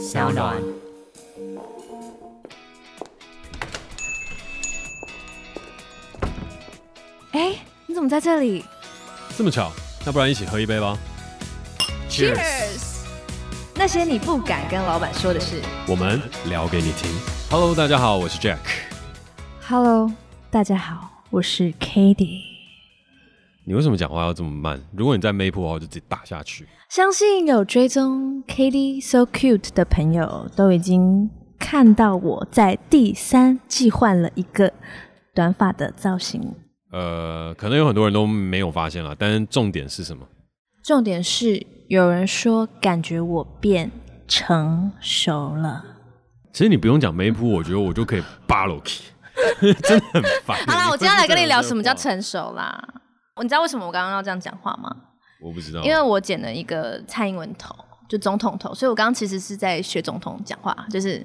SoundOn。哎、欸，你怎麼在這裡？這麼巧，那不然一起喝一杯吧。Cheers 杯。杯那些你不敢跟老板說的事，我們聊給你聽。Hello，大家好，我是 Jack。Hello，大家好，我是 Cady 你為什麼講話要這麼慢？如果你在 Maple，我就直接打下去。相信有追蹤 Cady so cute 的朋友，都已經看到我在第三季換了一個短髮的造型。呃，可能有很多人都沒有發現啦，但重點是什麼？重點是有人說感覺我變成熟了。其實你不用講 Maple，我覺得我就可以巴落去，真的很煩。 好啦，你坤 我今天來跟你聊什麼叫，什麼叫成熟啦。你知道為什麼我剛剛要這樣講話嗎？我不知道，因為我剪了一個蔡英文頭，就總統頭，所以我剛剛其實是在學總統講話。就是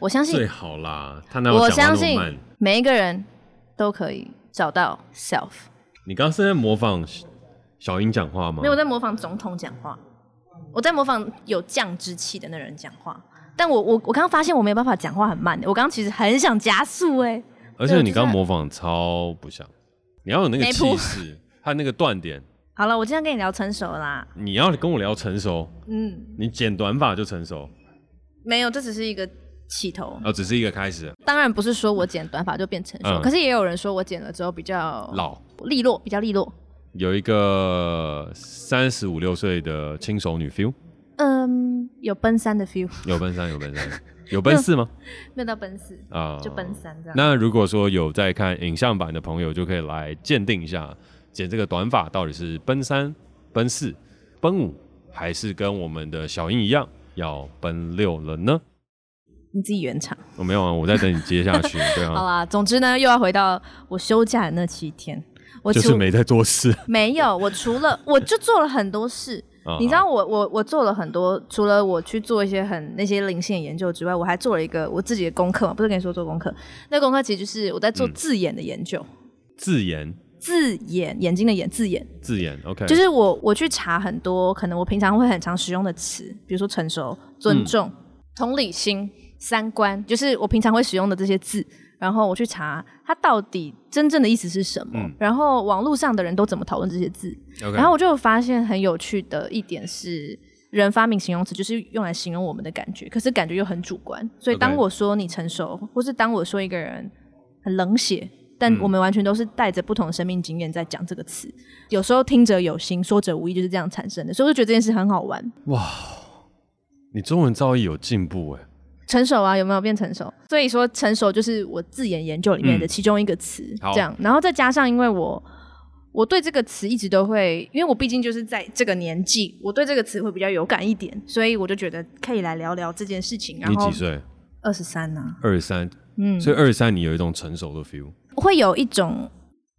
我相信最好啦，他哪有講那麼慢？我相信每一個人都可以找到 self。你剛剛是在模仿小，小英講話嗎？沒有，在模仿總統講話。我在模仿有降之氣的那人講話。但我我我剛剛發現我沒有辦法講話很慢，欸，我剛剛其實很想加速哎、欸。而且你剛剛模仿超不像，你要有那個氣勢。就是沒部 看那個斷點。好了，我今天跟你聊成熟啦。你要跟我聊成熟？嗯。你剪短髮就成熟？沒有，這只是一個起頭。哦，只是一個開始。當然不是說我剪短髮就變成熟，可是也有人說我剪了之後比較老、利落，比較利落。有一個三十五六歲的輕熟女 feel。嗯，有奔三的 feel。有奔三，有奔三，有奔四嗎？沒有到奔四啊，就奔三這樣。那如果說有在看影像版的朋友，就可以來鑑定一下。剪這個短髮到底是奔三、奔四、奔五，還是跟我們的小英一樣要奔六了呢？你自己圓場，我、哦、沒有啊，我在等你接下去。 對啊，好啦，總之呢，又要回到我休假的那七天，我就是沒在做事。沒有，我除了我就做了很多事， 你知道我我我做了很多，除了我去做一些很那些零線研究之外，我還做了一個我自己的功課嘛，不是跟你說做功課？那個、功課其實就是我在做字眼的研究，字眼、嗯。字眼，眼睛的“眼”，字眼。字眼，OK。就是我，我去查很多可能我平常會很常使用的詞，比如說成熟、尊重、嗯、同理心、三觀，就是我平常會使用的這些字，然後我去查它到底真正的意思是什麼，嗯、然後網絡上的人都怎麼討論這些字，Okay 然後我就發現很有趣的一點是，人發明形容詞就是用來形容我們的感覺，可是感覺又很主觀，所以當我說你成熟，Okay 或是當我說一個人很冷血。但我們完全都是帶着不同的生命經驗在講這個詞，嗯、有時候聽者有心，說者無意，就是這樣產生的。所以我就覺得這件事很好玩。哇，你中文造詣有進步哎、欸，成熟啊，有沒有變成熟？所以說成熟就是我字眼研究裡面的其中一個詞，嗯、好這樣。然後再加上，因為我我對這個詞一直都會，因為我畢竟就是在這個年紀，我對這個詞會比較有感一點，所以我就覺得可以來聊聊這件事情。然後你幾歲？二十三呢？二十三，嗯，所以二十三你有一種成熟的 feel、嗯。會有一種，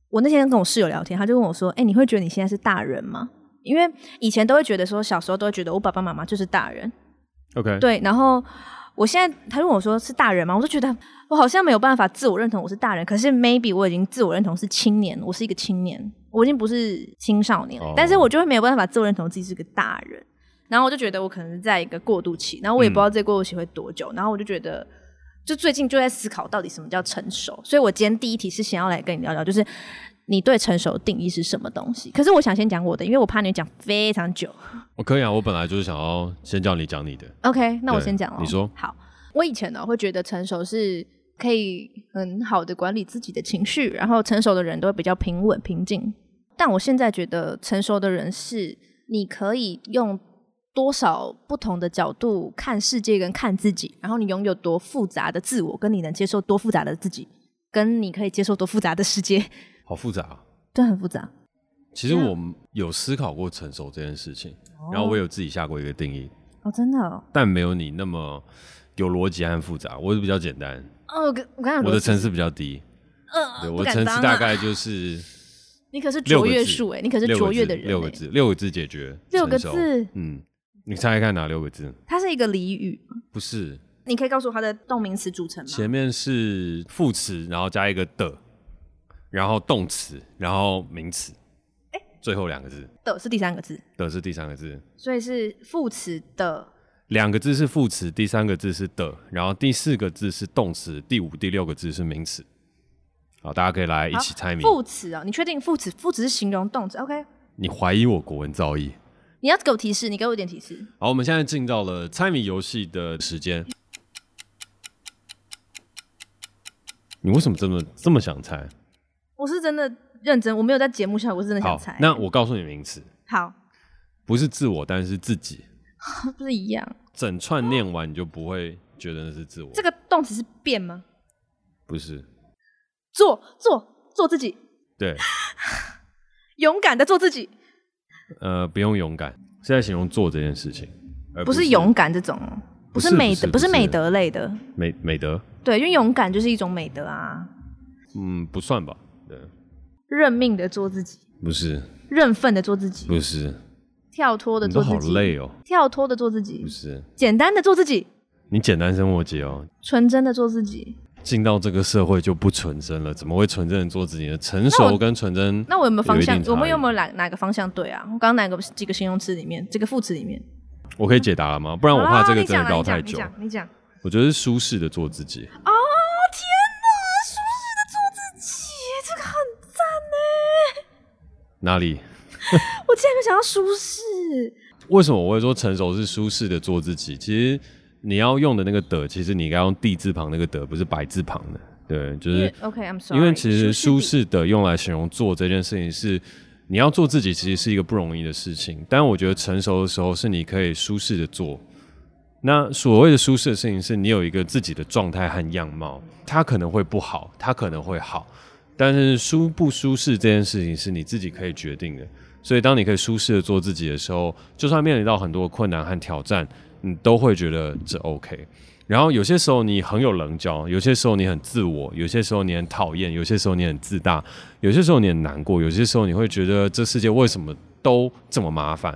我那天跟我室友聊天，他就問我說：“哎、欸，你會覺得你現在是大人嗎？因為以前都會覺得說，小時候都會覺得我爸爸媽媽就是大人。” OK，對。然後我現在他問我說：“是大人嗎？”我就覺得我好像沒有辦法自我認同我是大人。可是 maybe 我已經自我認同是青年，我是一個青年，我已經不是青少年了。Oh. 但是，我就會沒有辦法自我認同自己是個大人。然後我就覺得我可能在一個過渡期，然後我也不知道這個過渡期會多久。嗯、然後我就覺得。就最近就在思考到底什麼叫成熟，所以我今天第一題是想要來跟你聊聊，就是你對成熟定義是什麼東西？可是我想先講我的，因為我怕你講非常久。我可以啊，我本來就是想要先叫你講你的。OK，那我先講了。你說。好，我以前呢、喔、會覺得成熟是可以很好的管理自己的情緒，然後成熟的人都會比較平穩平靜。但我現在覺得成熟的人是你可以用。多少不同的角度看世界跟看自己，然後你擁有多複雜的自我，跟你能接受多複雜的自己，跟你可以接受多複雜的世界，好複雜、啊，對，很複雜。其實我有思考過成熟這件事情，哦、然後我有自己下過一個定義。哦，真的、哦？但沒有你那麼有邏輯和複雜，我是比較簡單。哦，我剛，剛，我的層次比較低。嗯、呃，我的層次大概就是，你可是卓越數哎、欸，你可是卓越的人、欸六，六個字，六個字解決，六個字，嗯。你猜猜看哪六個字？它是一個俚語？不是。你可以告訴我它的動名詞組成嗎？前面是副詞，然後加一個的，然後動詞，然後名詞。哎、欸，最後兩個字的是第三個字。的是第三個字。所以是副詞的。兩個字是副詞，第三個字是的，然後第四個字是動詞，第五、第六個字是名詞。好，大家可以來一起猜謎。副詞啊，你確定副詞？副詞是形容動詞。OK。你懷疑我國文造詣？你要給我提示，你給我一點提示。好，我們現在進到了猜謎遊戲的時間。你為什麼這麼這麼想猜？我是真的認真，我沒有在節目下。我是真的想猜。那我告訴你名詞。好，不是自我，但是自己， 不是一樣。整串念完你就不會覺得那是自我。這個動詞是變嗎？不是，做做做自己。對， 勇敢的做自己。呃，不用勇敢，是在形容做這件事情，不是勇敢這種，不是美德，不是美德類的，不是不是不是美美德。對，因為勇敢就是一種美德啊。嗯，不算吧？對。認命的做自己。不是。認份的做自己。不是。跳脫的做自己。你都好累哦。跳脫的做自己。不是。簡單的做自己。你簡單，生活節哦。純真的做自己。進到這個社會就不純真了，怎麼會純真做自己呢？成熟跟純真那，那我有沒有方向？我們有沒有哪哪個方向對啊？剛剛哪個幾個形容詞裡面，這個副詞裡面，我可以解答了嗎？不然我怕這個真的搞太久，啊。你講，你講，你你我覺得是舒適的做自己。啊、哦、天哪！舒適的做自己，這個很讚呢。哪裡？ 我竟然沒想到舒適？為什麼我會說成熟是舒適的做自己？其實。你要用的那個“的”，其實你應該用地字旁那個“的”，不是白字旁的。對，就是因為其實舒適的用來形容做這件事情是，你要做自己其實是一個不容易的事情。但我覺得成熟的時候是你可以舒適的做。那所謂的舒適的事情是，你有一個自己的狀態和樣貌，它可能會不好，它可能會好。但是舒不舒適這件事情是你自己可以決定的。所以當你可以舒適的做自己的時候，就算面臨到很多困難和挑戰。你都會覺得這 OK，然後有些時候你很有稜角，有些時候你很自我，有些時候你很討厭，有些時候你很自大，有些時候你很難過，有些時候你會覺得這世界為什麼都這麼麻煩？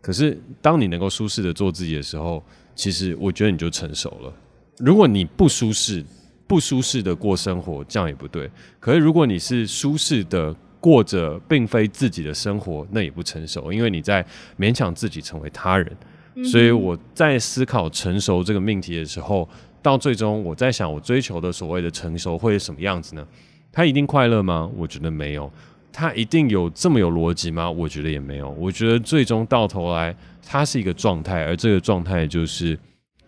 可是當你能夠舒適的做自己的時候，其實我覺得你就成熟了。如果你不舒適，不舒適的過生活，這樣也不對。可是如果你是舒適的過着並非自己的生活，那也不成熟，因為你在勉強自己成為他人。 所以我在思考成熟這個命題的時候，到最終我在想，我追求的所謂的成熟會是什麼樣子呢？他一定快樂嗎？我覺得沒有。他一定有這麼有邏輯嗎？我覺得也沒有。我覺得最終到頭來，它是一個狀態，而這個狀態就是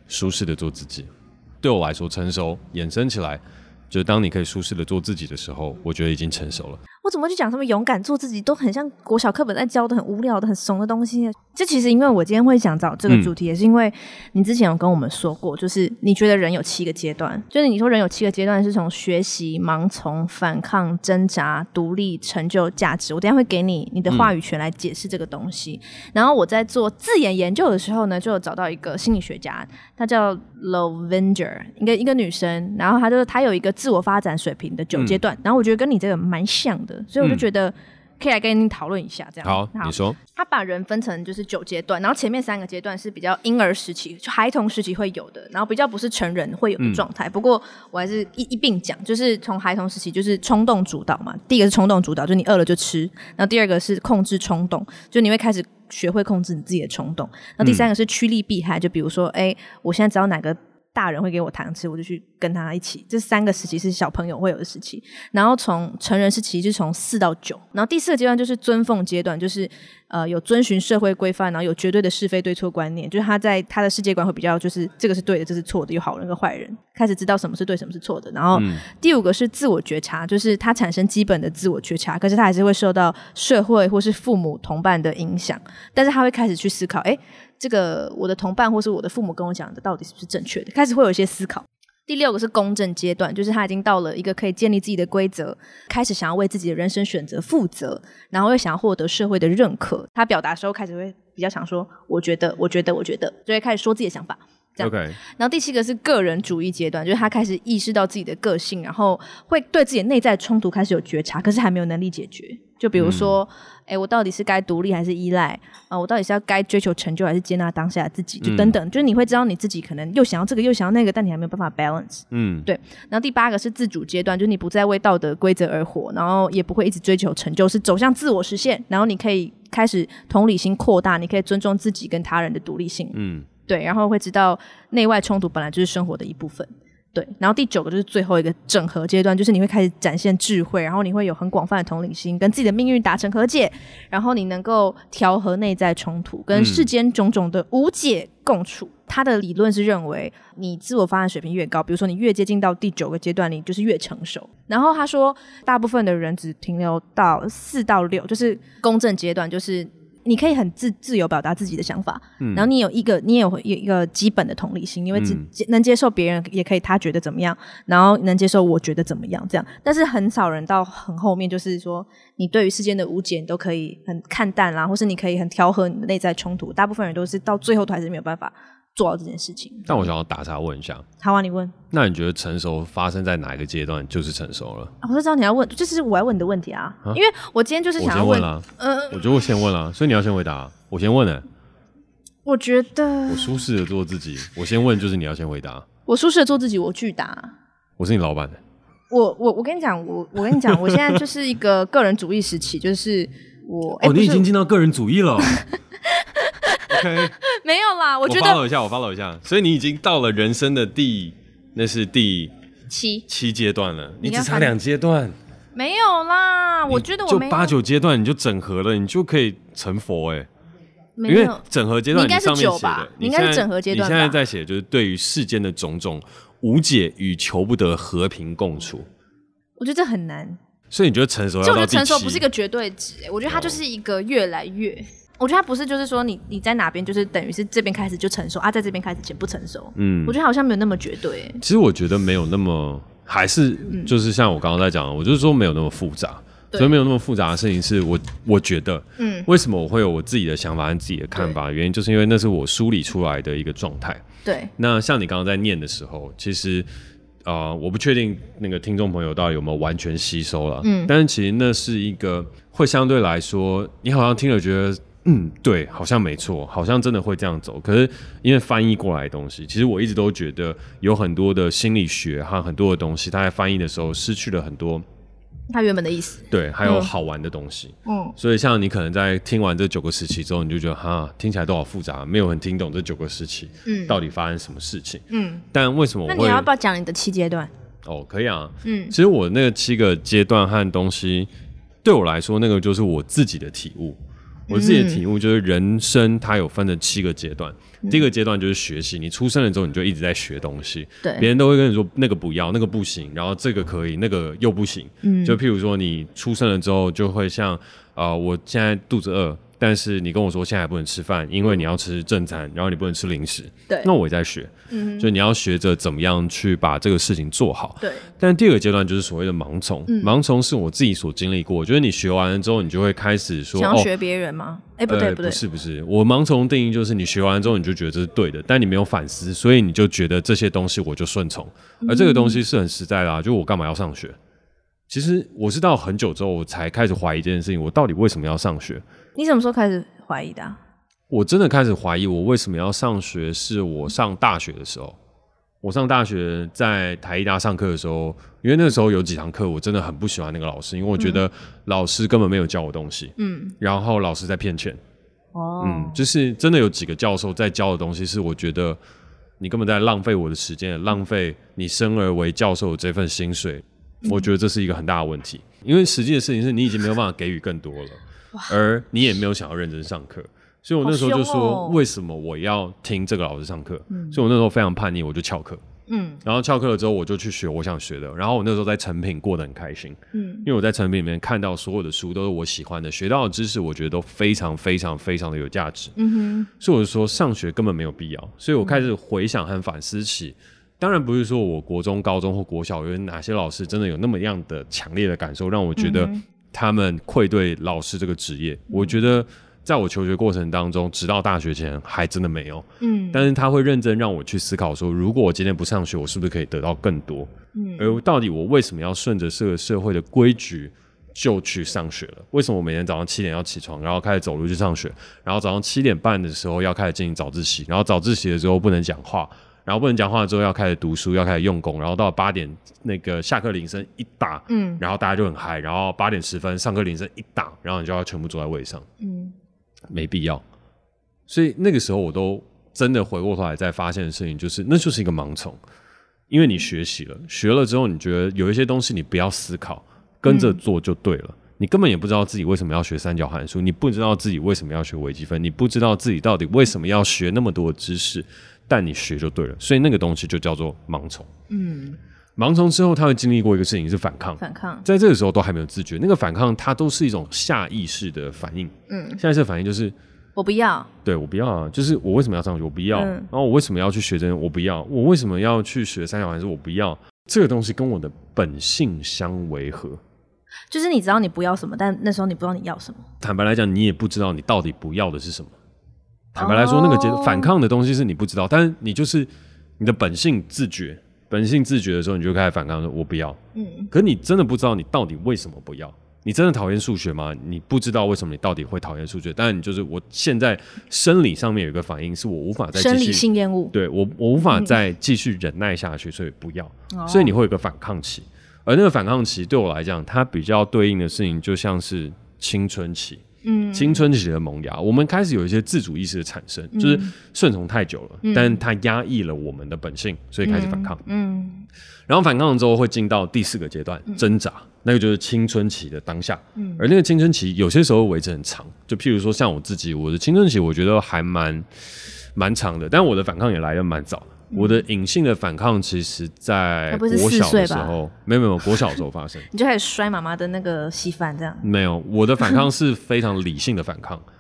舒適的做自己。對我來說，成熟衍生起來，就是當你可以舒適的做自己的時候，我覺得已經成熟了。我怎麼去講什麼勇敢做自己都很像國小課本在教的很無聊的很慫的東西？這其實因為我今天會想找這個主題，嗯、也是因為你之前有跟我們說過，就是你覺得人有七個階段，就是你說人有七個階段是從學習、盲從、反抗、掙扎、獨立、成就、價值。我等下會給你你的話語權來解釋這個東西。嗯、然後我在做字眼研，研究的時候呢，就有找到一個心理學家，他叫。Loevinger 一個一個女生，然後她就是她有一個自我發展水平的九階段，嗯、然後我覺得跟你這個蠻像的，所以我就覺得。嗯可以來跟你討論一下，這樣好。好，你說他把人分成就是九階段，然後前面三個階段是比較嬰兒時期，就孩童時期會有的，然後比較不是成人會有的狀態。嗯、不過我還是一一並講，就是從孩童時期就是衝動主導嘛，第一個是衝動主導，就是，你餓了就吃，然後第二個是控制衝動，就你會開始學會控制你自己的衝動，那第三個是趨利避害，嗯、就比如說，哎，我現在知道哪個。大人會給我糖吃，我就去跟他一起。這三個時期是小朋友會有的時期，然後從成人時期是從四到九，然後第四個階段就是遵奉階段，就是呃有遵循社會規範，然後有絕對的是非對錯觀念，就是他在他的世界觀會比較就是這個是對的，這是錯的，有好人跟壞人，開始知道什麼是對，什麼是錯的。然後第五個是自我覺察，就是他產生基本的自我覺察，可是他還是會受到社會或是父母、同伴的影響，但是他會開始去思考，哎。這個我的同伴或是我的父母跟我講的，到底是不是正確的？開始會有一些思考。第六個是公正階段，就是他已經到了一個可以建立自己的規則，開始想要為自己的人生選擇負責，然後又想要獲得社會的認可。他表達的時候開始會比較想說：“我覺得，我覺得，我覺得”，就會開始說自己的想法。這樣。Okay. 然後第七個是個人主義階段，就是他開始意識到自己的個性，然後會對自己內在衝突開始有覺察，可是還沒有能力解決。就比如說。嗯哎、欸，我到底是該獨立還是依賴啊？我到底是要該追求成就還是接納當下自己？就等等，嗯、就是你會知道你自己可能又想要這個又想要那個，但你還沒有辦法 balance。嗯，對。然後第八個是自主階段，就是你不再為道德規則而活，然後也不會一直追求成就是，是走向自我實現。然後你可以開始同理心擴大，你可以尊重自己跟他人的獨立性。嗯，對。然後會知道內外衝突本來就是生活的一部分。對，然後第九個就是最後一個整合階段，就是你會開始展現智慧，然後你會有很廣泛的同理心，跟自己的命運達成和解，然後你能夠調和內在衝突，跟世間種種的無解共處。嗯。他的理論是認為，你自我發展水平越高，比如說你越接近到第九個階段，你就是越成熟。然後他說，大部分的人只停留到四到六，就是公正階段，就是。你可以很自自由表達自己的想法，然後你有一個，你也有有一個基本的同理心，嗯，因為接能接受別人也可以他覺得怎麼樣，然後能接受我覺得怎麼樣這樣，但是很少人到很後面，就是說你對於世間的無解你都可以很看淡啦，或是你可以很調和你的內在衝突，大部分人都是到最後都還是沒有辦法。做到這件事情，但我想要打岔問一下。好啊，你問。那你覺得成熟發生在哪一個階段就是成熟了？我就知道你要問，就是我要問你的問題啊。因為我今天就是想要問了，嗯，我就會先問了，所以你要先回答。我先問呢？我覺得我舒適的做自己。我先問就是你要先回答。我舒適的做自己，我拒答。我是你老板的。我我我跟你講，我我跟你講，我現在就是一個個人主義時期，就是我哦，你已經進到個人主義了。OK。沒有啦，我覺得。我 follow 一下，我 follow 一下，所以你已經到了人生的第，那是第七七階段了，你，你只差兩階段。沒有啦，我覺得我沒有八九階段你就整合了，你就可以成佛哎、欸。沒有。因為整合階段你上面寫的你應該是九吧？你應該是整合階段你，你現在在寫就是對於世間的種種無解與求不得和平共處。我覺得這很難。所以你覺得成熟？其實我覺得成熟不是一個絕對值、欸，我覺得它就是一個越來越。我覺得他不是，就是說你你在哪邊，就是等於是這邊開始就成熟啊，在這邊開始就不成熟。嗯，我覺得好像沒有那麼絕對。其實我覺得沒有那麼，還是、嗯、就是像我剛剛在講的，我就是說沒有那麼複雜。對所以沒有那麼複雜的事情，是我我覺得，嗯，為什麼我會有我自己的想法跟自己的看法？對原因就是因為那是我梳理出來的一個狀態。對。那像你剛剛在念的時候，其實啊、呃，我不確定那個聽眾朋友到底有沒有完全吸收了。嗯。但是其實那是一個會相對來說，你好像聽了覺得。嗯，對，好像沒錯，好像真的會這樣走。可是因為翻譯過來的東西，其實我一直都覺得有很多的心理學和很多的東西，他在翻譯的時候失去了很多他原本的意思。對，還有好玩的東西。嗯，所以像你可能在聽完這九個時期之後，哦、你就覺得哈，聽起來都好複雜，沒有很聽懂這九個時期，嗯，到底發生什麼事情嗯。但為什麼我會？那你要不要講你的七階段？哦，可以啊。嗯，其實我那個七個階段和東西，對我來說，那個就是我自己的體悟。我自己的體悟就是，人生它有分成七個階段。嗯、第一個階段就是學習，你出生了之後你就一直在學東西。對，別人都會跟你說那個不要，那個不行，然後這個可以，那個又不行。嗯，就譬如說你出生了之後，就會像啊、呃，我現在肚子餓。但是你跟我說現在還不能吃飯，因為你要吃正餐，嗯、然後你不能吃零食。對，那我也在學，嗯、就你要學着怎麼樣去把這個事情做好。對。但第二個階段就是所謂的盲從。嗯、盲從是我自己所經歷過，我覺得你學完了之後，你就會開始說，想要學別人嗎？哎，不對，不對，是，不是。我盲從的定義就是你學完之後，你就覺得這是對的，但你沒有反思，所以你就覺得這些東西我就順從。而這個東西是很實在的、啊，就我幹嘛要上學？嗯、其實我是到很久之後，我才開始懷疑這件事情，我到底為什麼要上學？你什麼時候開始懷疑的、啊？我真的開始懷疑我為什麼要上學，是我上大學的時候。嗯、我上大學在台藝大上課的時候，因為那個時候有幾堂課我真的很不喜歡那個老師，因為我覺得老師根本沒有教我東西。嗯。然後老師在騙錢。哦、嗯。嗯，就是真的有幾個教授在教的東西是我覺得你根本在浪費我的時間，嗯、浪費你生而為教授的這份薪水。嗯、我覺得這是一個很大的問題，因為實際的事情是你已經沒有辦法給予更多了。 而你也沒有想要認真上課，哇所以我那時候就說：“為什麼我要聽這個老師上課？”哦、所以，我那時候非常叛逆，我就翹課。嗯，然後翹課了之後，我就去學我想學的。然後，我那時候在誠品過得很開心。嗯，因為我在誠品裡面看到所有的書都是我喜歡的，學到的知識我覺得都非常非常非常的有價值。嗯哼，所以我就說上學根本沒有必要。所以我開始回想和反思起，嗯、當然不是說我國中、高中或國小有哪些老師真的有那麼樣的強烈的感受，讓我覺得、嗯。他們愧對老師這個職業，嗯、我覺得在我求學過程當中，直到大學前還真的沒有。嗯，但是他會認真讓我去思考說，說如果我今天不上學，我是不是可以得到更多？嗯，而到底我為什麼要順着這個社會的規矩就去上學了？為什麼我每天早上七點要起床，然後開始走路去上學，然後早上七點半的時候要開始進行早自習，然後早自習的時候不能講話？然後不能講話之後，要開始讀書，要開始用功。然後到八點那個下課鈴聲一打，嗯、然後大家就很嗨。然後八點十分上課鈴聲一打，然後你就要全部坐在位上。嗯，沒必要。所以那個時候我都真的回過頭來再發現的事情，就是那就是一個盲從，因為你學習了，嗯、學了之後，你覺得有一些東西你不要思考，跟着做就對了。嗯、你根本也不知道自己為什麼要學三角函數，你不知道自己為什麼要學微積分，你不知道自己到底為什麼要學那麼多的知識。嗯但你學就對了，所以那個東西就叫做盲從。嗯，盲從之後，他會經歷過一個事情是反抗，反抗，在這個時候都還沒有自覺。那個反抗，它都是一種下意識的反應。嗯，下意識反應就是我不要，對我不要啊，就是我為什麼要上學？我不要，嗯、然後我為什麼要去學這些？我不要，我為什麼要去學三角函數？我不要，這個東西跟我的本性相違和。就是你知道你不要什麼，但那時候你不知道你要什麼。坦白來講，你也不知道你到底不要的是什麼。坦白來說，那個階段反抗的東西是你不知道，但是你就是你的本性自覺，本性自覺的時候，你就開始反抗說“我不要”。嗯，可是你真的不知道你到底為什麼不要？你真的討厭數學嗎？你不知道為什麼你到底會討厭數學？但你就是我現在生理上面有一個反應，是我無法再繼續生理性厭惡，對我，我無法再繼續忍耐下去，嗯，所以不要。所以你會有個反抗期，而那個反抗期對我來講，它比較對應的事情就像是青春期。嗯，青春期的萌芽，我們開始有一些自主意識的產生，嗯、就是順從太久了，嗯、但它壓抑了我們的本性，所以開始反抗。嗯，嗯然後反抗了之後，會進到第四個階段掙扎，那個就是青春期的當下。嗯，而那個青春期有些時候維持很長，就譬如說像我自己，我的青春期我覺得還蠻蠻長的，但我的反抗也來的蠻早的。我的隱性的反抗，其實在我、嗯、小的時候，沒有沒有，我小的時候發生， 你就開始摔媽媽的那個稀飯這樣。沒有，我的反抗是非常理性的反抗。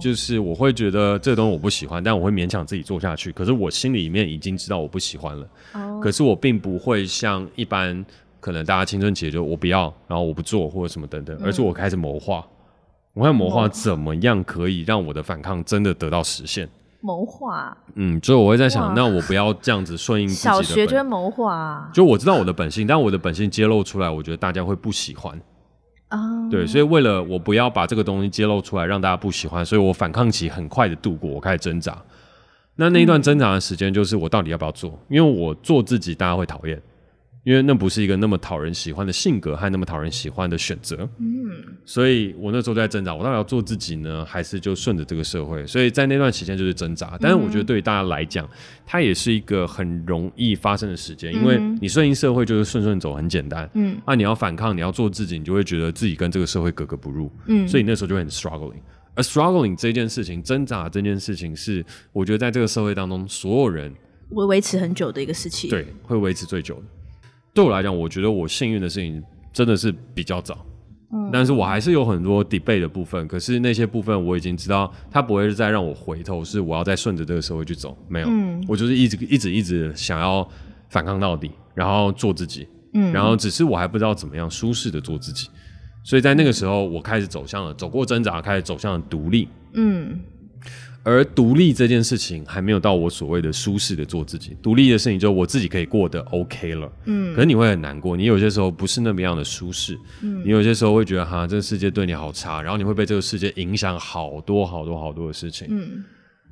就是我會覺得這個東西我不喜歡，但我會勉強自己做下去。可是我心裡面已經知道我不喜歡了。哦、可是我並不會像一般可能大家青春期就我不要，然後我不做或者什麼等等，而是我開始謀劃，嗯、我會謀劃怎麼樣可以讓我的反抗真的得到實現。謀劃，嗯，所以我會在想，哇那我不要這樣子順應。小學就會謀劃？就我知道我的本性，但我的本性揭露出來，我覺得大家會不喜歡啊，嗯、對，所以為了我不要把這個東西揭露出來，讓大家不喜歡，所以我反抗期很快的度過，我開始掙扎。那那一段掙扎的時間，就是我到底要不要做？嗯、因為我做自己，大家會討厭。因為那不是一個那麼討人喜歡的性格，還那麼討人喜歡的選擇，嗯，所以我那時候在掙扎，我到底要做自己呢，還是就順着這個社會？所以在那段期間就是掙扎。嗯、但是我覺得對於大家來講，它也是一個很容易發生的時間，嗯、因為你順應社會就是順順走，很簡單，嗯，啊，你要反抗，你要做自己，你就會覺得自己跟這個社會格格不入，嗯，所以你那時候就會很 struggling，而 struggling 這件事情，掙扎這件事情是，是我覺得在這個社會當中，所有人會維持很久的一個事情，對，會維持最久的。對我來講，我覺得我幸運的事情真的是比較早，嗯，但是我還是有很多 debate 的部分。可是那些部分我已經知道，它不會再讓我回頭，是我要再順着這個社會去走。沒有，嗯，我就是一直一直一直想要反抗到底，然後做自己，嗯，然後只是我還不知道怎麼樣舒適的做自己。所以在那個時候，我開始走向了，走過掙扎，開始走向了獨立，嗯。而獨立這件事情還沒有到我所謂的舒適的做自己，獨立的事情就我自己可以過得 OK 了。嗯，可能你會很難過，你有些時候不是那麼樣的舒適。嗯，你有些時候會覺得哈，這個世界對你好差，然後你會被這個世界影響好多好多好多的事情。嗯，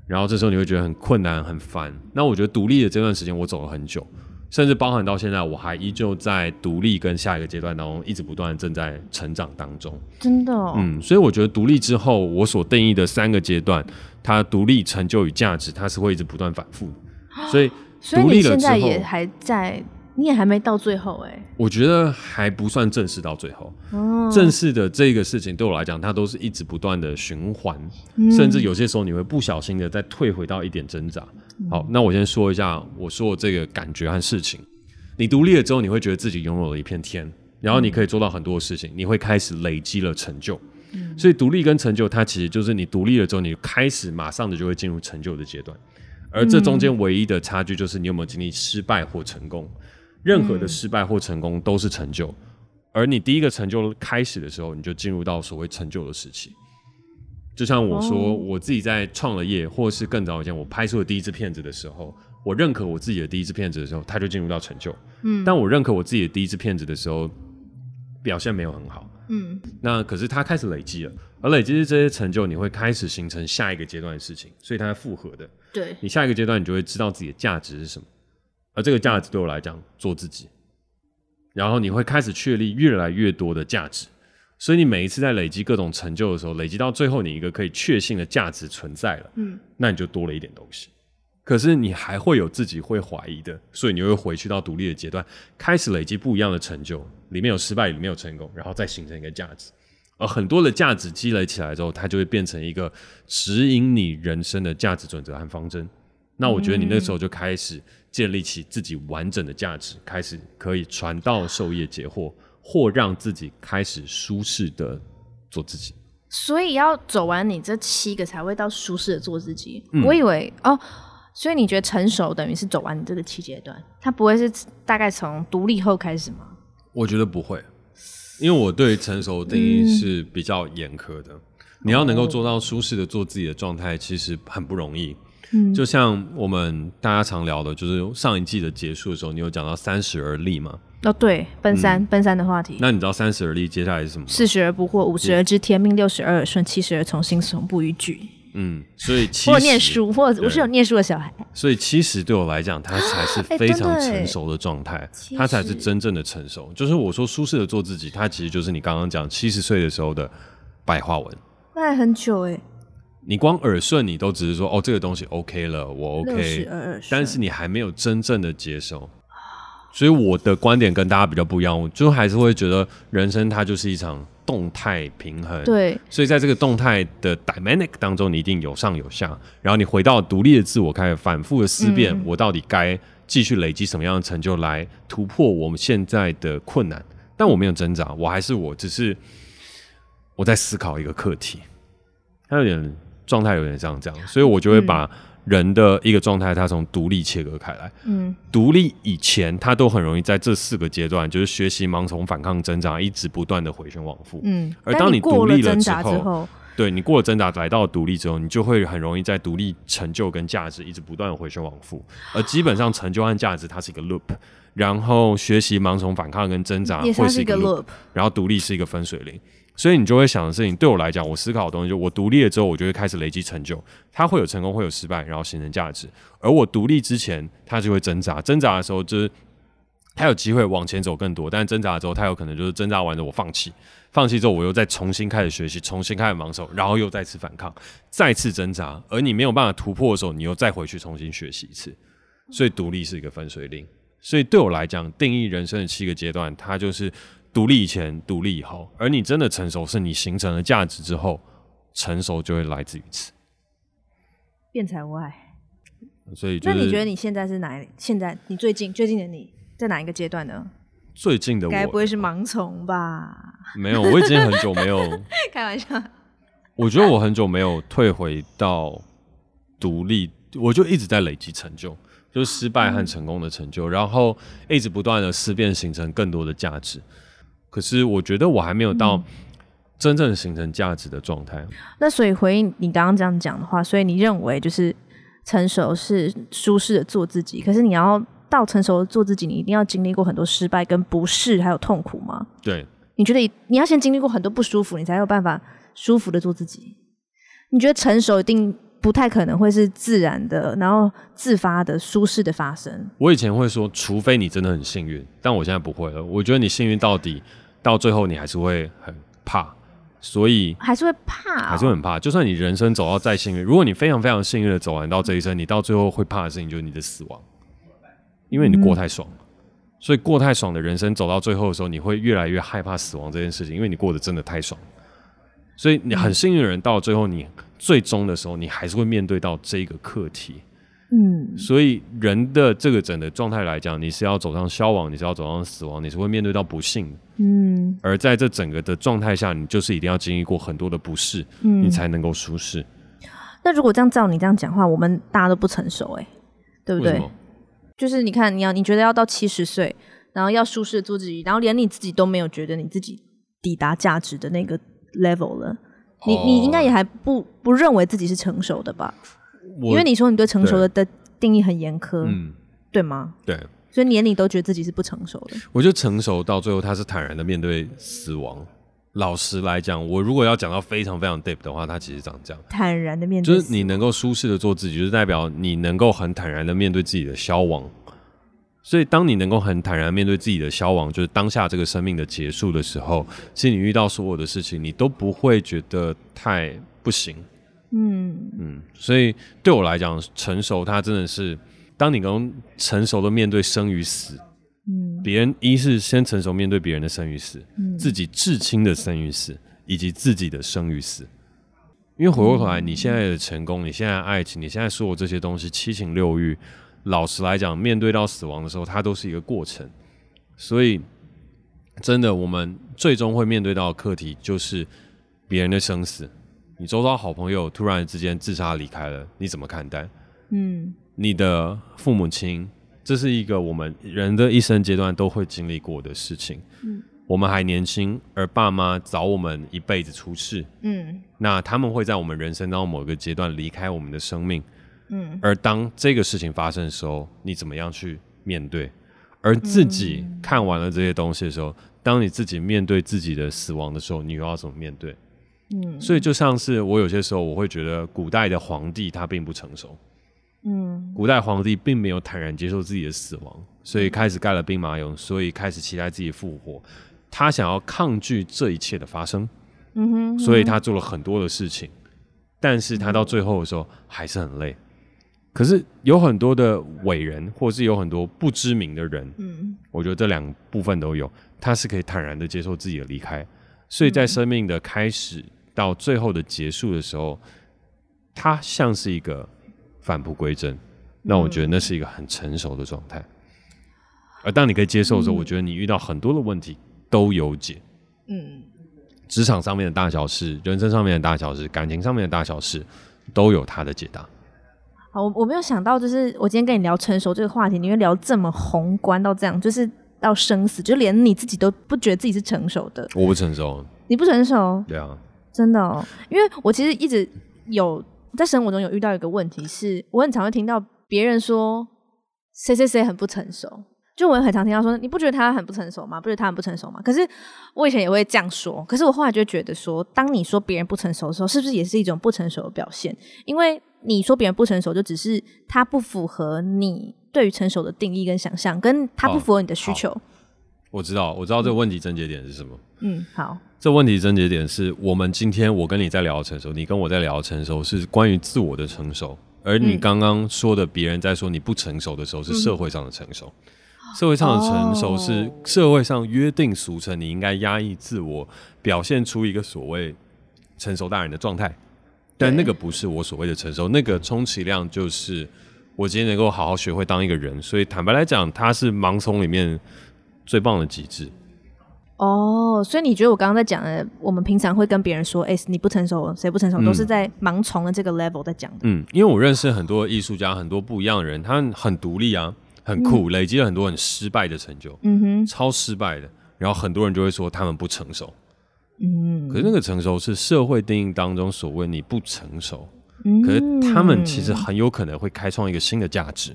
然後這時候你會覺得很困難、很煩。那我覺得獨立的這段時間我走了很久，甚至包含到現在我還依舊在獨立跟下一個階段當中，一直不斷正在成長當中。真的哦，嗯，所以我覺得獨立之後我所定義的三個階段。它獨立成就與價值，它是會一直不斷反覆，哦、所以獨立了之後，所以你現在也還在，你也還沒到最後哎。我覺得還不算正式到最後，哦、正式的這個事情對我來講，它都是一直不斷的循環，嗯、甚至有些時候你會不小心的再退回到一點掙扎。嗯、好，那我先說一下我說的這個感覺和事情。你獨立了之後，你會覺得自己擁有了一片天，然後你可以做到很多的事情，嗯、你會開始累積了成就。所以獨立跟成就，它其實就是你獨立了之後，你開始馬上的就會進入成就的階段，而這中間唯一的差距就是你有沒有經歷失敗或成功。任何的失敗或成功都是成就，而你第一個成就開始的時候，你就進入到所謂成就的時期。就像我說，我自己在創了業，或是更早以前我拍出了第一支片子的時候，我認可我自己的第一支片子的時候，它就進入到成就。但我認可我自己的第一支片子的時候。表現沒有很好，嗯，那可是他開始累積了，而累積是這些成就，你會開始形成下一個階段的事情，所以它是複合的。對，你下一個階段，你就會知道自己的價值是什麼，而這個價值對我來講，做自己，然後你會開始確立越來越多的價值，所以你每一次在累積各種成就的時候，累積到最後，你一個可以確信的價值存在了，嗯，那你就多了一點東西。可是你還會有自己會懷疑的，所以你又會回去到獨立的階段，開始累積不一樣的成就，裡面有失敗，裡面有成功，然後再形成一個價值。而很多的價值積累起來之後，它就會變成一個指引你人生的價值準則和方針。那我覺得你那時候就開始建立起自己完整的價值，嗯、開始可以傳道授業解惑，或讓自己開始舒適的做自己。所以要走完你這七個，才會到舒適的做自己。嗯、我以為哦。所以你覺得成熟等於是走完這個七階段，它不會是大概從獨立後開始嗎？我覺得不會，因為我對於成熟的定義是比較嚴苛的，嗯、你要能夠做到舒適的做自己的狀態，哦、其實很不容易。嗯，就像我們大家常聊的，就是上一季的結束的時候，你有講到三十而立嗎？哦，對，奔三，嗯、奔三的話題。那你知道三十而立接下來是什麼？四十而不惑，五十而知天命，六十而耳順，七十而從心所不逾矩。嗯，所以其實我唸書，我我是有唸書的小孩，所以其實對我來講，它才是非常成熟的狀態， 欸、對對對，它才是真正的成熟。就是我說舒適的做自己，它其實就是你剛剛講七十歲的時候的白話文。那還很久哎，欸、你光耳順，你都只是說哦，這個東西 OK 了，我 OK，但是你還沒有真正的接受。所以我的觀點跟大家比較不一樣，我就還是會覺得人生它就是一場。動態平衡，對，所以在這個動態的 dynamic 當中，你一定有上有下，然後你回到獨立的自我，開始反覆的思辨，嗯、我到底該繼續累積什麼樣的成就來突破我們現在的困難？但我沒有掙扎，我還是我，只是我在思考一個課題，他有點狀態，有點像這樣，所以我就會把。人的一個狀態，它從獨立切割開來。嗯，獨立以前，他都很容易在這四個階段，就是學習、盲從、反抗、掙扎，一直不斷的回旋往復。嗯，而當你獨立了之後，對，你過了掙扎，來到了獨立之後，你就會很容易在獨立成就跟價值一直不斷的回旋往復。而基本上成就和價值它是一個 loop，然後學習、盲從、反抗跟掙扎會是一個 loop，, 一個 loop 然後獨立是一個分水嶺。所以你就會想的事情，對我來講，我思考的東西就我獨立了之後，我就會開始累積成就。它會有成功，會有失敗，然後形成價值。而我獨立之前，它就會掙扎。掙扎的時候，就是它有機會往前走更多，但掙扎之後，它有可能就是掙扎完之後我放棄，放棄之後我又再重新開始學習，重新開始盲從，然後又再次反抗，再次掙扎。而你沒有辦法突破的時候，你又再回去重新學習一次。所以獨立是一個分水嶺。所以對我來講，定義人生的七個階段，它就是。獨立以前，獨立以後，而你真的成熟，是你形成了價值之後，成熟就會來自於此，變才無礙。所以、就是，那你覺得你現在是哪一個？現在你最近最近的你在哪一個階段呢？最近的我該不會是盲從吧？沒有，我已經很久沒有。 開玩笑。我覺得我很久沒有退回到獨立， 我就一直在累積成就，就是失敗和成功的成就，嗯、然後一直不斷的思辨，形成更多的價值。可是我覺得我還沒有到真正形成價值的狀態。嗯。那所以回應你剛剛這樣講的話，所以你認為就是成熟是舒適的做自己。可是你要到成熟做自己，你一定要經歷過很多失敗、跟不適還有痛苦嗎？對，你覺得你要先經歷過很多不舒服，你才有辦法舒服的做自己？你覺得成熟一定不太可能會是自然的、然後自發的、舒適的發生？我以前會說，除非你真的很幸運，但我現在不會了。我覺得你幸運到底。到最後，你還是會很怕，所以還是會怕，還是會很怕。就算你人生走到再幸運，如果你非常非常幸運的走完到這一生，你到最後會怕的事情就是你的死亡，因為你過太爽了。嗯，所以過太爽的人生走到最後的時候，你會越來越害怕死亡這件事情，因為你過得真的太爽。所以你很幸運的人，到最後你最終的時候，你還是會面對到這個課題。嗯，所以人的這個整個狀態來講，你是要走上消亡，你是要走上死亡，你是會面對到不幸。嗯，而在這整個的狀態下，你就是一定要經歷過很多的不適，嗯，你才能夠舒適。那如果這樣照你這樣講話，我們大家都不成熟哎、欸，對不對？就是你看，你要你覺得要到七十歲，然後要舒適的做自己，然後連你自己都沒有覺得你自己抵達價值的那個 level 了，哦、你你應該也還不不認為自己是成熟的吧？我因為你說你對成熟的的定義很嚴苛，嗯，對嗎？對。所以年你都覺得自己是不成熟的，我就成熟到最後，他是坦然的面對死亡。老實來講，我如果要講到非常非常 deep 的話，他其實長這樣：坦然的面對死亡，就是你能夠舒適的做自己，就是代表你能夠很坦然的面對自己的消亡。所以，當你能夠很坦然面對自己的消亡，就是當下這個生命的結束的時候，其實你遇到所有的事情，你都不會覺得太不行。嗯嗯，所以對我來講，成熟它真的是。當你能成熟的面對生與死，別、嗯、人一是先成熟面對別人的生與死，嗯、自己至親的生與死，以及自己的生與死。因為回過頭來，你現在的成功，嗯、你現在的愛情，你現在所有這些東西，七情六欲，老實來講，面對到死亡的時候，它都是一個過程。所以，真的，我們最終會面對到的課題就是別人的生死。你周遭好朋友突然之間自殺離開了，你怎麼看待？嗯。你的父母親，這是一個我們人的一生階段都會經歷過的事情。嗯，我們還年輕，而爸媽早我們一輩子出世。嗯，那他們會在我們人生當中某個階段離開我們的生命。嗯，而當這個事情發生的時候，你怎麼樣去面對？而自己看完了這些東西的時候，嗯，當你自己面對自己的死亡的時候，你又要怎麼面對？嗯，所以就像是我有些時候我會覺得，古代的皇帝他並不成熟。嗯，古代皇帝並沒有坦然接受自己的死亡，所以開始蓋了兵馬俑，所以開始期待自己復活。他想要抗拒這一切的發生，嗯哼，嗯哼，所以他做了很多的事情，但是他到最後的時候還是很累。嗯哼，可是有很多的偉人，或是有很多不知名的人，嗯，我覺得這兩部分都有，他是可以坦然的接受自己的離開，所以在生命的開始到最後的結束的時候，他像是一個，返璞歸真，那我覺得那是一個很成熟的狀態。嗯、而當你可以接受的時候，嗯、我覺得你遇到很多的問題都有解。嗯，職場上面的大小事，人生上面的大小事，感情上面的大小事，都有它的解答。好，我我沒有想到，就是我今天跟你聊成熟這個話題，你會聊這麼宏觀到這樣，就是到生死，就連你自己都不覺得自己是成熟的。我不成熟。你不成熟？對啊。真的哦，因為我其實一直有。在生活中有遇到一個問題是，我很常會聽到別人說誰誰誰很不成熟。就我很常聽到說，你不覺得他很不成熟嗎？不覺得他很不成熟嗎？可是我以前也會這樣說，可是我後來就覺得說，當你說別人不成熟的時候，是不是也是一種不成熟的表現？因為你說別人不成熟，就只是他不符合你對於成熟的定義跟想象，跟他不符合你的需求。我知道，我知道這個問題症結點是什麼。嗯，好。這問題症結點是我們今天我跟你在聊成熟，你跟我在聊成熟是關於自我的成熟，而你剛剛說的別人在說你不成熟的時候是社會上的成熟，嗯、社會上的成熟是社會上約定俗成你應該壓抑自我，表現出一個所謂成熟大人的狀態，但那個不是我所謂的成熟，對那個充其量就是我今天能夠好好學會當一個人。所以坦白來講，他是盲從裡面，最棒的極致，哦，oh, 所以你覺得我剛剛在講的，我們平常會跟別人說，哎、欸，你不成熟，誰不成熟，嗯、都是在盲從的這個 level 在講的。嗯，因為我認識很多藝術家，很多不一樣的人，他們很獨立啊，很酷，嗯、累積了很多很失敗的成就，嗯哼，超失敗的。然後很多人就會說他們不成熟，嗯，可是那個成熟是社會定義當中所謂你不成熟，嗯、可是他們其實很有可能會開創一個新的價值。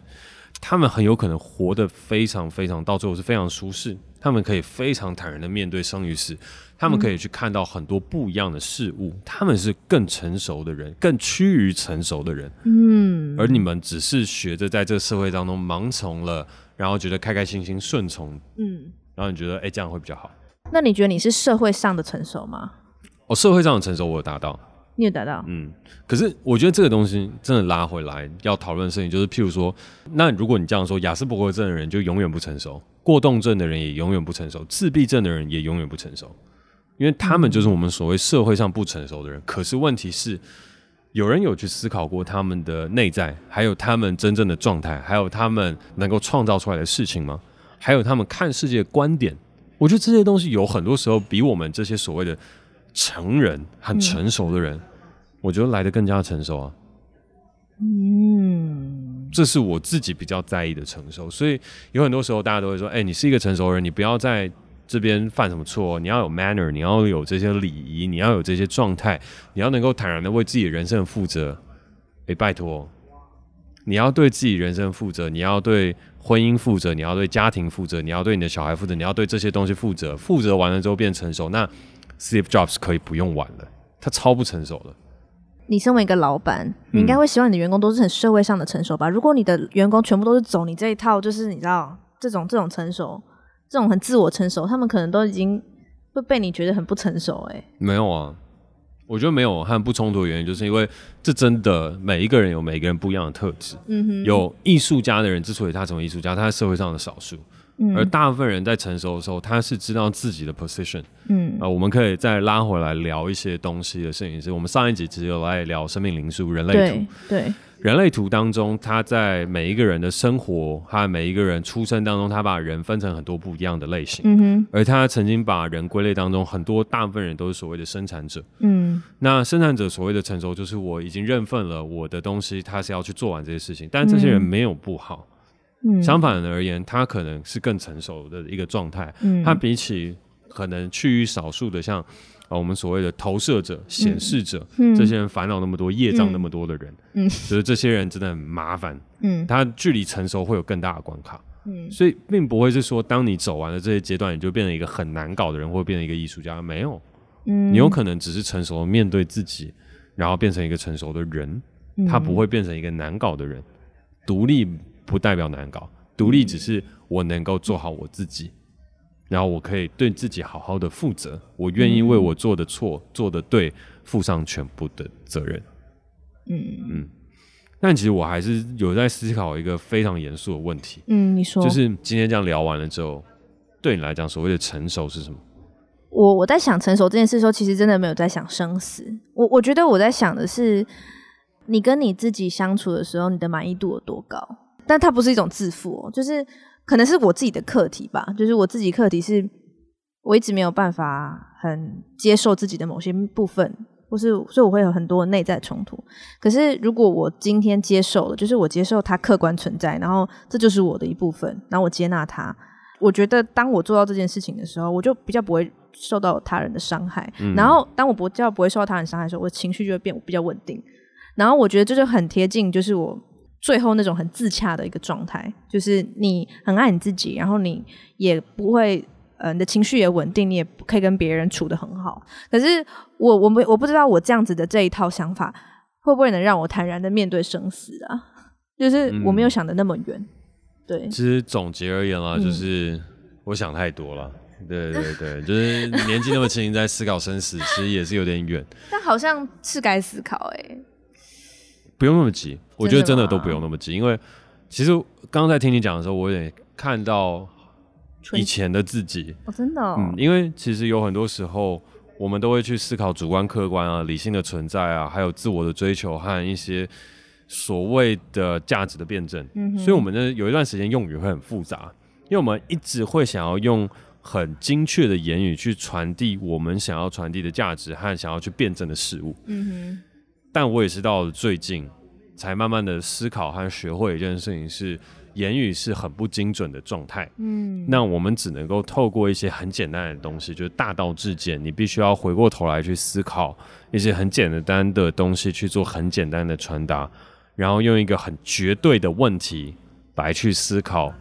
他們很有可能活得非常非常，到最後是非常舒適。他們可以非常坦然的面對生與死，他們可以去看到很多不一樣的事物。嗯、他們是更成熟的人，更趨於成熟的人。嗯，而你們只是學着在這個社會當中盲從了，然後覺得開開心心順從，嗯，然後你覺得哎、欸、這樣會比較好。那你覺得你是社會上的成熟嗎？哦，社會上的成熟我有達到。你也得到，嗯，可是我覺得這個東西真的拉回來要討論的事情，就是譬如說，那如果你這樣說，亞斯伯格症的人就永遠不成熟，過動症的人也永遠不成熟，自閉症的人也永遠不成熟，因為他們就是我們所謂社會上不成熟的人。嗯，可是問題是，有人有去思考過他們的內在，還有他們真正的狀態，還有他們能夠創造出來的事情嗎？還有他們看世界觀點，我覺得這些東西有很多時候比我們這些所謂的。成人很成熟的人，嗯、我覺得來得更加成熟啊。嗯，這是我自己比較在意的成熟。所以有很多時候大家都會說：“哎、欸，你是一個成熟的人，你不要在這邊犯什麼錯，你要有 manner，你要有這些禮儀，你要有這些狀態，你要能夠坦然的為自己人生負責。欸”哎，拜托，你要對自己人生負責，你要對婚姻負責，你要對家庭負責，你要對你的小孩負責，你要對這些東西負責。負責完了之後變成熟。那 Steve Jobs 可以不用玩的，他超不成熟的。你身為一個老闆，你應該會希望你的員工都是很社會上的成熟吧？嗯、如果你的員工全部都是走你這一套，就是你知道這種這種成熟，這種很自我成熟，他們可能都已經會被你覺得很不成熟、欸。哎，沒有啊，我覺得沒有和不衝突的原因，就是因為這真的每一個人有每一個人不一樣的特質。嗯哼，有藝術家的人之所以他成為藝術家，他在社會上的少數。嗯、而大部分人在成熟的時候，他是知道自己的 position。嗯，啊、呃，我們可以再拉回來聊一些東西的攝影師。嗯、我們上一集只有來聊生命靈數，人類圖。對，對人類圖當中，他在每一個人的生活和每一個人出生當中，他把人分成很多不一樣的類型。嗯哼而他曾經把人歸類當中，很多大部分人都是所謂的生產者。嗯，那生產者所謂的成熟，就是我已經認份了，我的東西他是要去做完這些事情。但這些人沒有不好。嗯嗯、相反而言，他可能是更成熟的一個狀態。嗯、他比起可能趨於少數的像，像、呃、我們所謂的投射者、顯、嗯、示者，嗯、這些人煩惱那麼多、業障那麼多的人，所以、嗯嗯、就是這些人真的很麻煩。嗯、他距離成熟會有更大的關卡。嗯、所以並不會是說，當你走完了這些階段，你就變成一個很難搞的人，或變成一個藝術家。沒有，你有可能只是成熟面對自己，然後變成一個成熟的人。嗯、他不會變成一個難搞的人，獨立。不代表難搞，獨立只是我能夠做好我自己，嗯、然後我可以對自己好好的負責，我願意為我做的錯、嗯、做的對，負上全部的責任。嗯嗯，但其實我還是有在思考一個非常嚴肅的問題。嗯，你說，就是今天這樣聊完了之後，對你來講所謂的成熟是什麼？我我在想成熟這件事的時候，其實真的沒有在想生死。我我覺得我在想的是，你跟你自己相處的時候，你的滿意度有多高？但它不是一種自負喔，就是可能是我自己的課題吧。就是我自己課題是，我一直沒有辦法很接受自己的某些部分，或是所以我會有很多內在衝突。可是如果我今天接受了，就是我接受它客觀存在，然後這就是我的一部分，然後我接納它。我覺得當我做到這件事情的時候，我就比較不會受到他人的傷害。嗯。然後當我比較不會受到他人傷害的時候，我情緒就會變比較穩定。然後我覺得這就是很貼近，就是我。最後那種很自洽的一個狀態，就是你很愛你自己，然後你也不會，呃，你的情緒也穩定，你也可以跟別人處得很好。可是我我我不知道我這樣子的這一套想法，會不會能讓我坦然的面對生死啊？就是我沒有想的那麼遠。嗯、對，其實總結而言啊，嗯、就是我想太多了。對對對，對， 就是年紀那麼輕，在思考生死， 其實也是有點遠。但好像是該思考哎、欸。不用那麼急，我覺得真的都不用那麼急，因為其實剛才聽你講的時候，我也看到以前的自己。哦，真的哦。嗯，因為其實有很多時候，我們都會去思考主觀、客觀啊、理性的存在啊，還有自我的追求和一些所謂的價值的辯證。嗯哼。所以我們的有一段時間用語會很複雜，因為我們一直會想要用很精確的言語去傳遞我們想要傳遞的價值和想要去辯證的事物。嗯哼。但我也是到了最近才慢慢的思考和學會一件事情，是言語是很不精準的狀態。嗯，那我們只能夠透過一些很簡單的東西，就是大道至簡。你必須要回過頭來去思考一些很簡單的東西，去做很簡單的傳達，然後用一個很絕對的問題來去思考。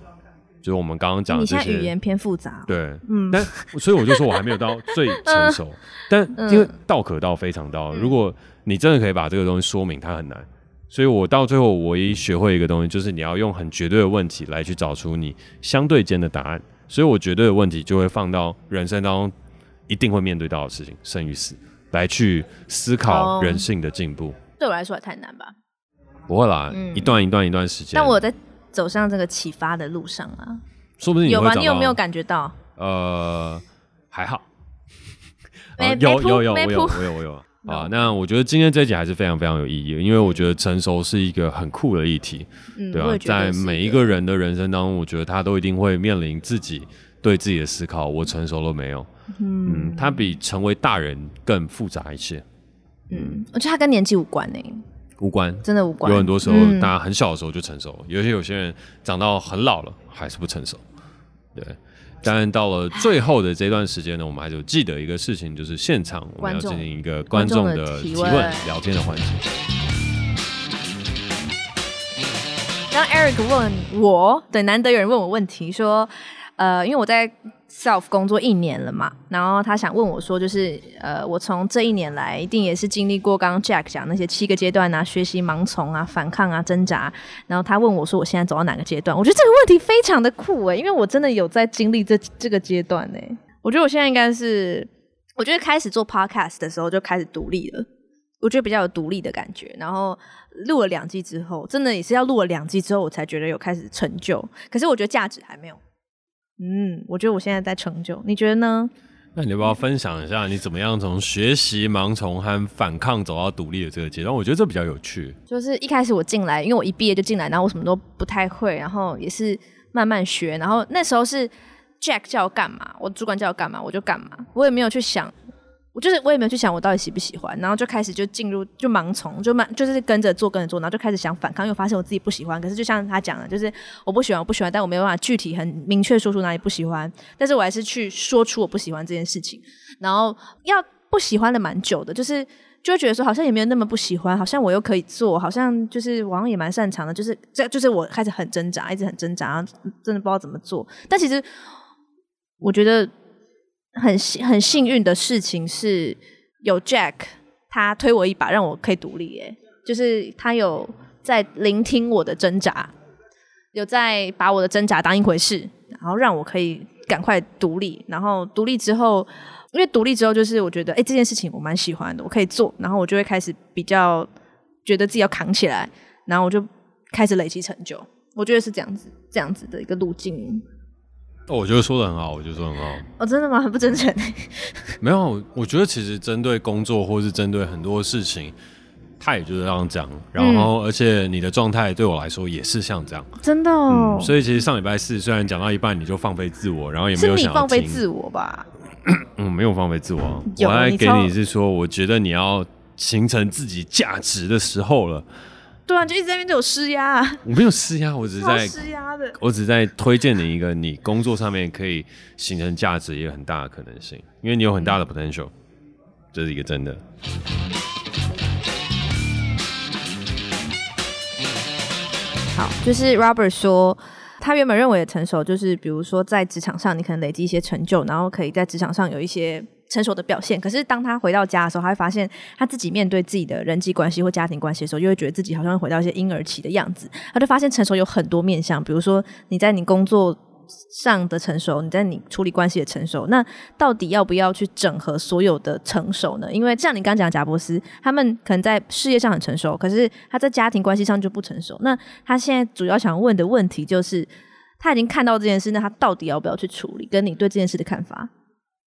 就是我們剛剛講的這些，你現在語言偏複雜哦，對，嗯，但 所以我就說我還沒有到最成熟。嗯、但因為道可道非常道，嗯、如果你真的可以把這個東西說明它很難，所以我到最後唯一學會一個東西，就是你要用很絕對的問題來去找出你相對間的答案。所以，我絕對的問題就會放到人生當中一定會面對到的事情——生與死，來去思考人性的進步。嗯。對我來說也太難吧？不會啦，嗯，一段一段一段時間。但我有在走上這個啟發的路上啊，說不定你有吧？你有沒有感覺到？呃，還好。沒、 啊，有有有，有，我有，我有，我有。啊，那我覺得今天這一集還是非常非常有意義，因為我覺得成熟是一個很酷的議題，嗯、對啊，在每一個人的人生當中，我覺得他都一定會面臨自己對自己的思考，我成熟了沒有？嗯，嗯，他比成為大人更複雜一些。嗯，我覺得他跟年紀無關誒、欸，無關，真的無關。有很多時候，大家很小的時候就成熟了，有些、嗯、有些人長到很老了還是不成熟，對。然，但到了最後的這段時間呢，啊、我們還是記得一個事情，就是現場我們要進行一個觀眾的提問、問聊天的環節。剛剛 Eric 問我，對，難得有人問我問題，說，呃，因為我在。self 工作一年了嘛，然後他想問我說，就是呃，我從這一年來一定也是經歷過剛剛 Jack 講那些七個階段啊，學習盲從啊、反抗啊、掙扎。然後他問我說，我現在走到哪個階段？我覺得這個問題非常的酷欸，因為我真的有在經歷這這個階段欸。我覺得我現在應該是，我覺得開始做 podcast 的時候就開始獨立了，我覺得比較有獨立的感覺。然後錄了兩季之後，真的也是要錄了兩季之後，我才覺得有開始成就。可是我覺得價值還沒有。嗯，我覺得我現在在成就，你覺得呢？那你要不要分享一下你怎麼樣從學習盲從和反抗走到獨立的這個階段？我覺得這比較有趣。就是一開始我進來，因為我一畢業就進來，然後我什麼都不太會，然後也是慢慢學。然後那時候是 Jack 叫我幹嘛，我主管叫我幹嘛，我就幹嘛，我也沒有去想。我就是我也沒有去想我到底喜不喜歡，然後就開始就進入就盲從，就蠻就是跟着做跟着做，然後就開始想反抗，又發現我自己不喜歡。可是就像他講的，就是我不喜歡，我不喜歡，但我沒有辦法具體很明確說出哪裡不喜歡，但是我還是去說出我不喜歡這件事情。然後要不喜歡了蠻久的，就是就會覺得說好像也沒有那麼不喜歡，好像我又可以做，好像就是我好像也蠻擅長的，就是這就是我開始很掙扎，一直很掙扎，然後真的不知道怎麼做。但其實我覺得。很，很幸很幸運的事情是，有 Jack 他推我一把，讓我可以獨立、欸。哎，就是他有在聆聽我的掙扎，有在把我的掙扎當一回事，然後讓我可以趕快獨立。然後獨立之後，因為獨立之後就是我覺得，哎、欸，這件事情我蠻喜歡的，我可以做，然後我就會開始比較覺得自己要扛起來，然後我就開始累積成就。我覺得是這樣子，這樣子的一個路徑。Oh, 我覺得說得很好，我覺得說得很好。哦，oh, 真的嗎？很不真誠。 沒有，我覺得其實針對工作，或是針對很多事情，他也就是這樣講。然後，嗯、而且你的狀態對我來說也是像這樣。真的哦。嗯、所以，其實上禮拜四雖然講到一半，你就放飛自我，然後也沒有想要是你放飛自我吧 ？嗯，沒有放飛自我、啊。有我還給你是說，超我覺得你要形成自己價值的時候了。對啊，就一直在那邊都有施壓啊。我沒有施壓，我只是在施壓的。我只是在推薦你一個，你工作上面可以形成價值，也有很大的可能性，因為你有很大的 potential，這是一個真的。嗯、好，就是 Robert 說，他原本認為的成熟就是，比如說在職場上，你可能累積一些成就，然後可以在職場上有一些。成熟的表現，可是當他回到家的時候，他會發現他自己面對自己的人際關係或家庭關係的時候，就會覺得自己好像會回到一些嬰兒期的樣子。他就發現成熟有很多面向，比如說你在你工作上的成熟，你在你處理關係的成熟，那到底要不要去整合所有的成熟呢？因為像你剛剛講的，賈伯斯他們可能在事業上很成熟，可是他在家庭關係上就不成熟。那他現在主要想問的問題就是，他已經看到這件事，那他到底要不要去處理，跟你對這件事的看法。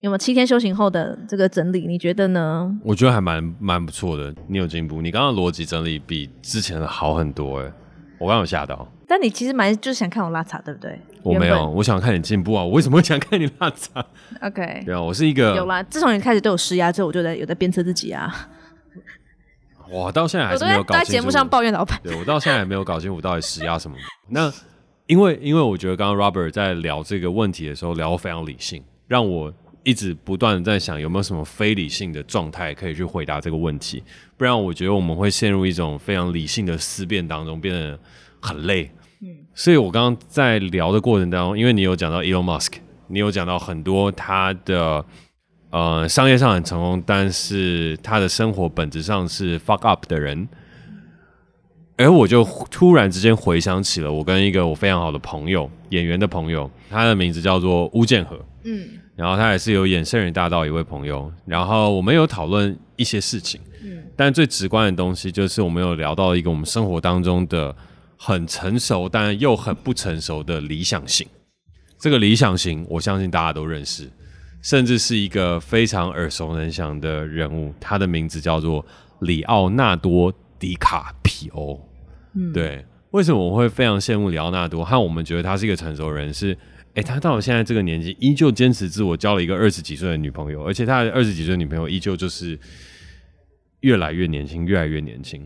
那麼七天修行後的這個整理，你覺得呢？我覺得還蠻蠻不錯的。你有進步，你剛剛邏輯整理比之前的好很多哎、欸，我剛有嚇到。但你其實蠻就是想看我拉叉，對不對？我沒有，本我想看你進步啊。我為什麼會想看你拉叉？OK，對啊，我是一個。有啦，自從你開始對我施壓之後，我就在有在鞭策自己啊。哇，到現在還是沒有在節目上抱怨老闆。 對，我到現在還沒有搞清楚我到底施壓什麼。 那 因為因為我覺得剛剛 Robert 在聊這個問題的時候聊得非常理性，讓我。一直不斷地在想有沒有什麼非理性的狀態可以去回答這個問題，不然我覺得我們會陷入一種非常理性的思辨當中，變得很累。嗯，所以我剛剛在聊的過程當中，因為你有講到 Elon Musk，你有講到很多他的呃商業上很成功，但是他的生活本質上是 fuck up 的人，而我就突然之間回想起了我跟一個我非常好的朋友，演員的朋友，他的名字叫做巫建和。嗯。然後他也是有演《聖人大道》一位朋友，然後我們有討論一些事情，但最直觀的東西就是我們有聊到一個我們生活當中的很成熟但又很不成熟的理想型。這個理想型，我相信大家都認識，甚至是一個非常耳熟能詳的人物，他的名字叫做里奧納多·迪卡皮歐。對，為什麼我們會非常羨慕里奧納多？和我們覺得他是一個成熟人是。哎、欸，他到了現在這個年紀，依舊堅持自我，交了一個二十幾歲的女朋友，而且他的二十幾歲女朋友依舊就是越來越年輕，越來越年輕。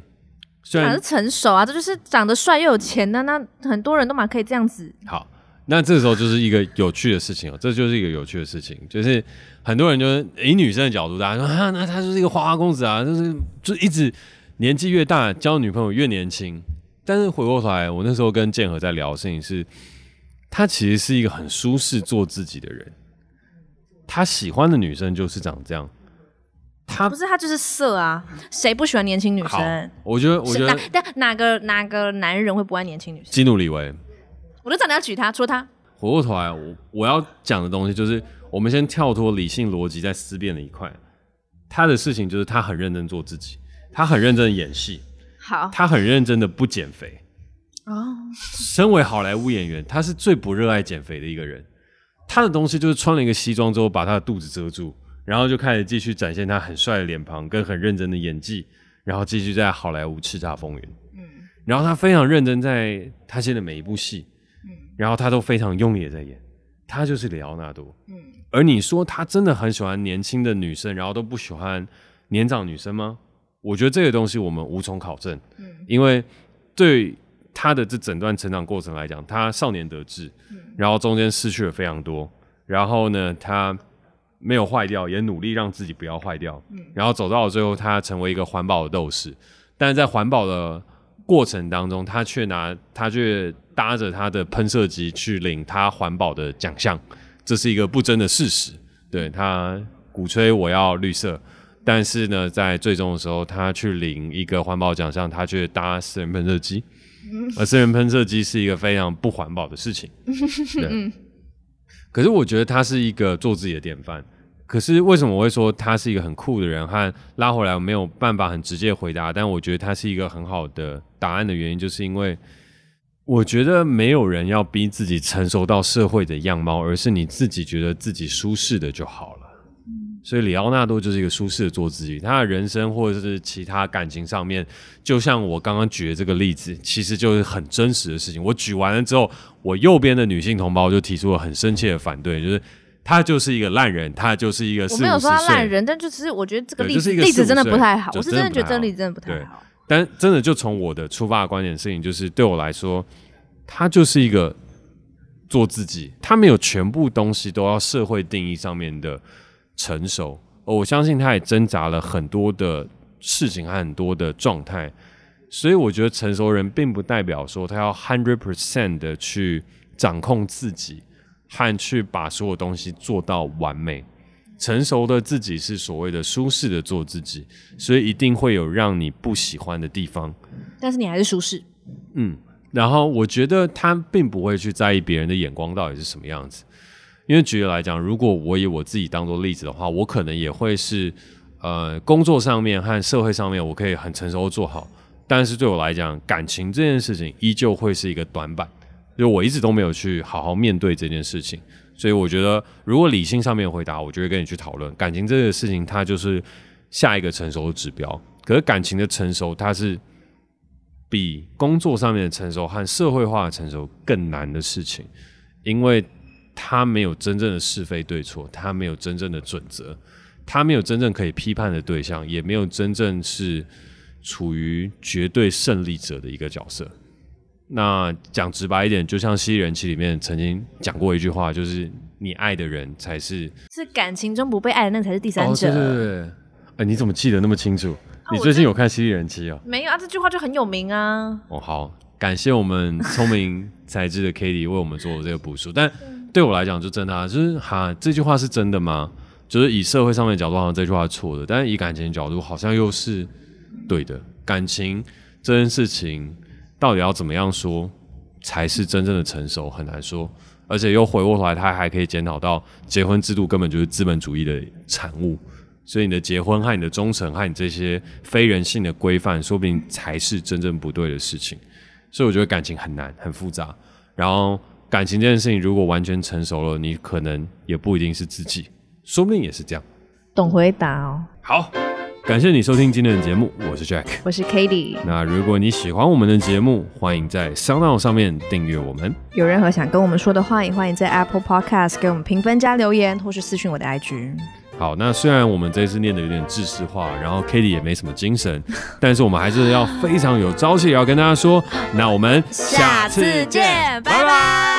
哪是成熟啊？這就是長得帥又有錢的、啊，那很多人都嘛可以這樣子。好，那這時候就是一個有趣的事情啊，這就是一個有趣的事情，就是很多人就是以女生的角度，大家說啊，那他就是一個花花公子啊，就是就一直年紀越大交女朋友越年輕。但是回過頭來，我那時候跟建和在聊的事情是。他其實是一個很舒適做自己的人，他喜歡的女生就是長這樣，他不是他就是色啊，誰不喜歡年輕女生？我覺得是我覺得，但哪，哪個哪個男人會不愛年輕女生？基努里維，我都長得要娶他，除了他，回過頭來我我要講的東西就是，我們先跳脫理性邏輯在思辨的一塊，他的事情就是他很認真做自己，他很認真的演戲，好，他很認真的不減肥。啊，身為好萊塢演員，他是最不熱愛減肥的一個人。他的東西就是穿了一個西裝之後，把他的肚子遮住，然後就開始繼續展現他很帥的臉龐跟很認真的演技，然後繼續在好萊塢叱咤風雲。嗯，然後他非常認真在他演的每一部戲，嗯，然後他都非常用力在演，他就是李奧納多。嗯，而你說他真的很喜歡年輕的女生，然後都不喜歡年長女生嗎？我覺得這個東西我們無從考證。嗯，因為對。他的這整段成長過程來講，他少年得志，然後中間失去了非常多，然後呢，他沒有壞掉，也努力讓自己不要壞掉，然後走到了最後，他成為一個環保的鬥士。但在環保的過程當中，他卻拿，他卻搭着他的噴射機去領他環保的獎項，這是一個不爭的事實。對，他鼓吹我要綠色，但是呢，在最終的時候，他去領一個環保獎項，他卻搭私人噴射機。 而私人噴射機是一個非常不環保的事情，對。 嗯，可是我覺得他是一個做自己的典範。可是為什麼我會說他是一個很酷的人？和拉回來我沒有辦法很直接回答，但我覺得他是一個很好的答案的原因，就是因為我覺得沒有人要逼自己成熟到社會的樣貌，而是你自己覺得自己舒適的就好了。所以里奧納多就是一個舒適的做自己，他的人生或者是其他感情上面，就像我剛剛舉的這個例子，其實就是很真實的事情。我舉完了之後，我右邊的女性同胞就提出了很深切的反對，就是他就是一個爛人，他就是一個。我沒有說他爛人，但就其實我覺得這個例子、就是、真的不太好。我是真的覺得真理真的不太好。但真的就從我的出發的觀點，事情就是對我來說，他就是一個做自己，他沒有全部東西都要社會定義上面的成熟，我相信他也掙扎了很多的事情和很多的狀態，所以我覺得成熟人並不代表說他要 hundred percent 的去掌控自己和去把所有東西做到完美。成熟的自己是所謂的舒適的做自己，所以一定會有讓你不喜歡的地方，但是你還是舒適。嗯，然後我覺得他並不會去在意別人的眼光到底是什麼樣子。因為舉例來講，如果我以我自己當做例子的話，我可能也會是，呃，工作上面和社會上面，我可以很成熟的做好。但是對我來講，感情這件事情依舊會是一個短板，就我一直都沒有去好好面對這件事情。所以我覺得，如果理性上面回答，我就會跟你去討論感情這個事情，它就是下一個成熟的指標。可是感情的成熟，它是比工作上面的成熟和社會化的成熟更難的事情，因為。他沒有真正的是非對錯，他沒有真正的準則，他沒有真正可以批判的對象，也沒有真正是處於絕對勝利者的一個角色。那講直白一點，就像《犀利人妻》裡面曾經講過一句話，就是你愛的人才是是感情中不被愛的那才是第三者。哦、對哎、呃，你怎麼記得那麼清楚？啊、你最近有看《犀利人妻》啊？啊沒有啊，這句話就很有名啊。哦，好，感謝我們聰明才智的 Cady 為我們做這個補述， 但。對我來講，就真的啊，就是哈，這句話是真的嗎？就是以社會上面的角度，好像這句話是錯的，但是以感情的角度，好像又是對的。感情這件事情到底要怎麼樣說，才是真正的成熟，很難說。而且又回過頭來，他還可以檢討到，結婚制度根本就是資本主義的產物，所以你的結婚和你的忠誠和你這些非人性的規範，說不定才是真正不對的事情。所以我覺得感情很難，很複雜。然後。感情這件事情，如果完全成熟了，你可能也不一定是自己，說不定也是這樣。懂回答哦。好，感謝你收聽今天的節目，我是 Jack，我是 Cady。那如果你喜歡我們的節目，歡迎在 SoundOn 上面訂閱我們。有任何想跟我們說的話，也歡迎在 Apple Podcast 給我們評分加留言，或是私訊我的 IG。好，那雖然我們這次念得有點知識化，然後 Cady 也沒什麼精神， 但是我們還是要非常有朝氣， 要跟大家說，那我們下次見，拜拜。拜拜。